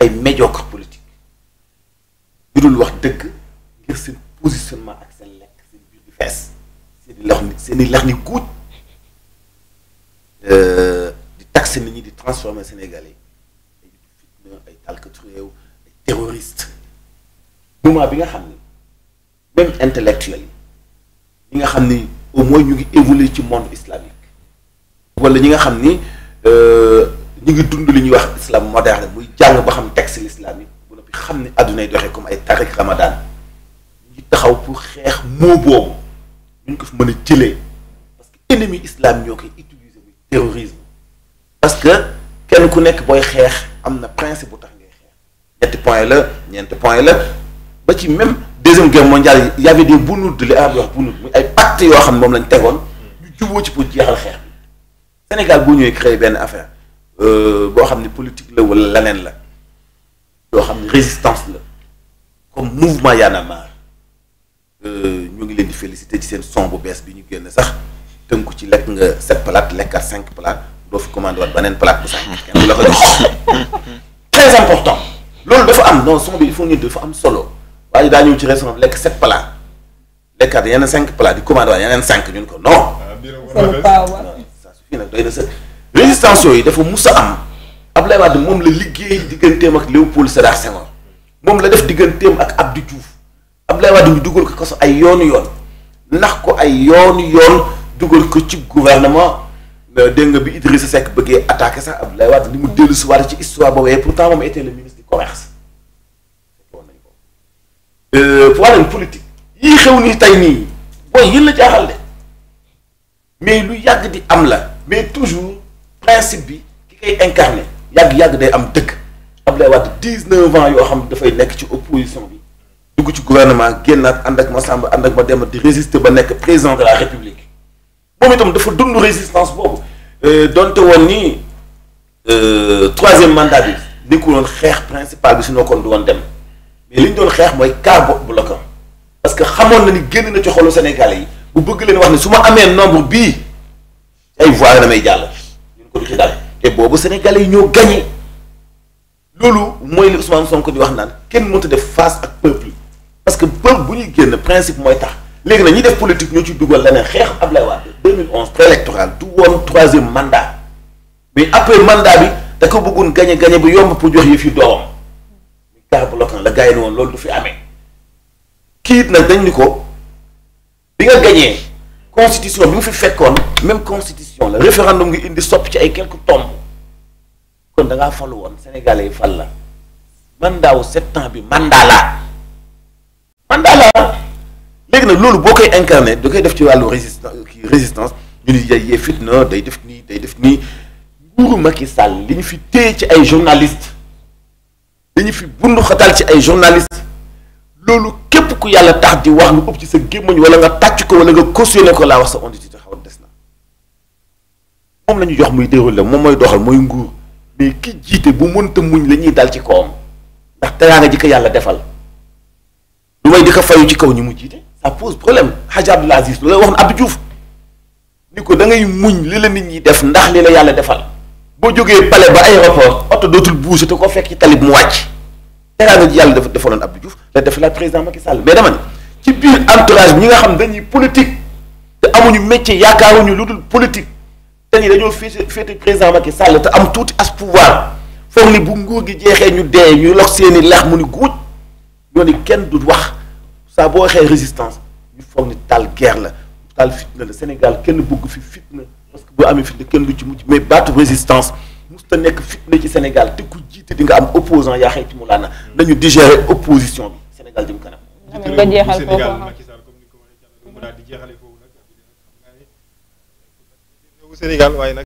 ay médiocre politique yu dul wax dëkk ngir seen positionnement ak seen lekk seen biir di fees seen i lex ni seen i lax ni guuj euh, di taxe nit ñi di transformer Sénégalais ay fitna ay talkatu réew ay bi nga xam ni même intellectuel yi ñi nga xam ni au moins ñu ngi évoluer ci monde islamique wala ñi nga xam ni euh, ñu ngi dund li ñuy wax islam moderne muy jàng ba xam texte l'islam yi bu noppi xam ne àdduna yi doxe comme ay tarik ramadan ngi taxaw pour xeex moo boobu ñu ngi ko fi mën a jëlee parce que ennemi islam ñoo koy utiliser muy terrorisme parce que kenn ku nekk booy xeex am na principe bu tax ngay xeex ñetti point la ñeenti point la ba ci même deuxième guerre mondiale y avait des bunut li arab wax bunut muy ay pacte yoo xam ne moom lañ tegoon ñu juboo ci pour jeexal xeex bi Sénégal boo ñëwee créé benn affaire Euh, boo xam ne politique la wala leneen la yoo xam ne résistance la comme mouvement Y en a euh, ngi leen di féliciter ci seen son bu bees bi ñu génn sax tënku ci lekk nga sept plate lekkat cinq plate doo fi commandé beneen plate cinq kenn du la ko jox très important loolu am non son bi il faut nit dafa am solo waaye daa ñëw ci restaurant bi lekk sept plate lekkat yeneen cinq plate di commandé yeneen cinq ñun ko non ça suffit nag doy na sëkk résistance yooyu dafa mus a am Abdoulaye Wade moom la liggéey digganteem ak Léopold Sédar Senghor moom la def digganteem ak Abdou Diouf Abdoulaye Wade ñu dugal ko kaso ay yoonu yoon ndax ko ay yoonu yoon dugal ko ci gouvernement euh, dégg nga bi Idrissa Seck bëggee attaqué sax Abdoulaye Wade ni mu dellu si waat ci histoire boobu et pourtant moom était le ministre du commerce euh, pouvoir politique yii xew nii tey nii booy yéen jaaxal de mais lu yàgg di am la mais toujours. principe bi ki koy incarné yàgg-yàgg day am dëkk Abdoulaye Wade dix neuf ans yoo xam dafay nekk ci opposition bi dugg ci gouvernement génnaat ànd ak Massamba ànd ak ma dem di ba nekk président de la république itam dafa dund résistance boobu euh, donte woon ni euh, troisième mandat bi nekkul woon xeex principal bi su nekkoon du woon dem mais li ñu doon xeex mooy cas bloquant parce que xamoon na ni génn na ci xolu Sénégalais yi bu bëgg leen wax ne su ma amee nombre bii ay voix damay jàll. te boobu sénégalais yi ñoo gagné loolu mooy li Ousmane Sonko di wax naan kenn mënta def face ak peuple parce que peuple bu ñuy génn principe mooy tax léegi nag ñi def politique ñoo ci dugal leneen xeexu Ablaye Wade 2011 préélectoral du woon troisième mandat mais après mandat bi da ko bëggoon gagné gagné bu yomb pour jox yi fi muy gàr bu lokan la gars yi woon loolu du fi amee kii it nag dañ ni ko bi nga gagné. constitution bi mu fi fekkoon même constitution la référendum ngi indi sopp ci ay quelques tombes kon da ngaa falu woon sénégalais yi fal la mandaawu sept ans bi mandat la mandat la léegi na loolu boo koy incarné da koy def ci wàllu résistance résistance ñu ni yay yee fitna day def nii day def nii nguuru Macky Sall li ñu fi téye ci ay journalistes li ñu fi bundu xatal ci ay journalistes loolu képp ku yàlla tax di wax lu ëpp ci sa gémmañ wala nga tàcc ko wala nga cautionné ko laa wax sa onditi te xaw des na moom la ñu jox muy déroulé moom mooy doxal mooy nguur mais ki jiite bu mënta muñ la ñuy dal ci kawam ndax teraanga ji ko yàlla defal may di ko fayu ci kaw ñi mu jiite ça pose problème Hadj Abdoul Aziz loolu wax na Abdou Diouf ni ko da ngay muñ li la nit ñi def ndax li la yàlla defal boo jógee palais ba ay aéroport oto dootul bouger te ko fekk ci talib mu wàcc teraanga ji yàlla dafa defaloon Abdou juuf da def la président Macky Sall mais dama ni ci biir entourage ñi nga xam dañuy politique te amuñu métier yaakaaruñu lu dul politique te ñi dañoo féete féete président Macky Sall te am tuuti as pouvoir foog ni bu nguur gi jeexee ñu dee ñu log seeni leex mu ni guuj ñoo ni kenn du wax saa boo waxee résistance ñu foog ni taal guerre la taal fitna la Sénégal kenn bugg fi fitna parce que boo amee fitna kenn du ci mujj mais baatu résistance musta nekk fitna ci Sénégal ku jiite di nga am opposant yaa xëy ci mu laana mm. nañu bi daal jëm kanam. amiin nga jeexal foofu Sénégal Macky Sall comme ni ko waxee mu daal di jeexale foofu nag. Sénégal waaye nag.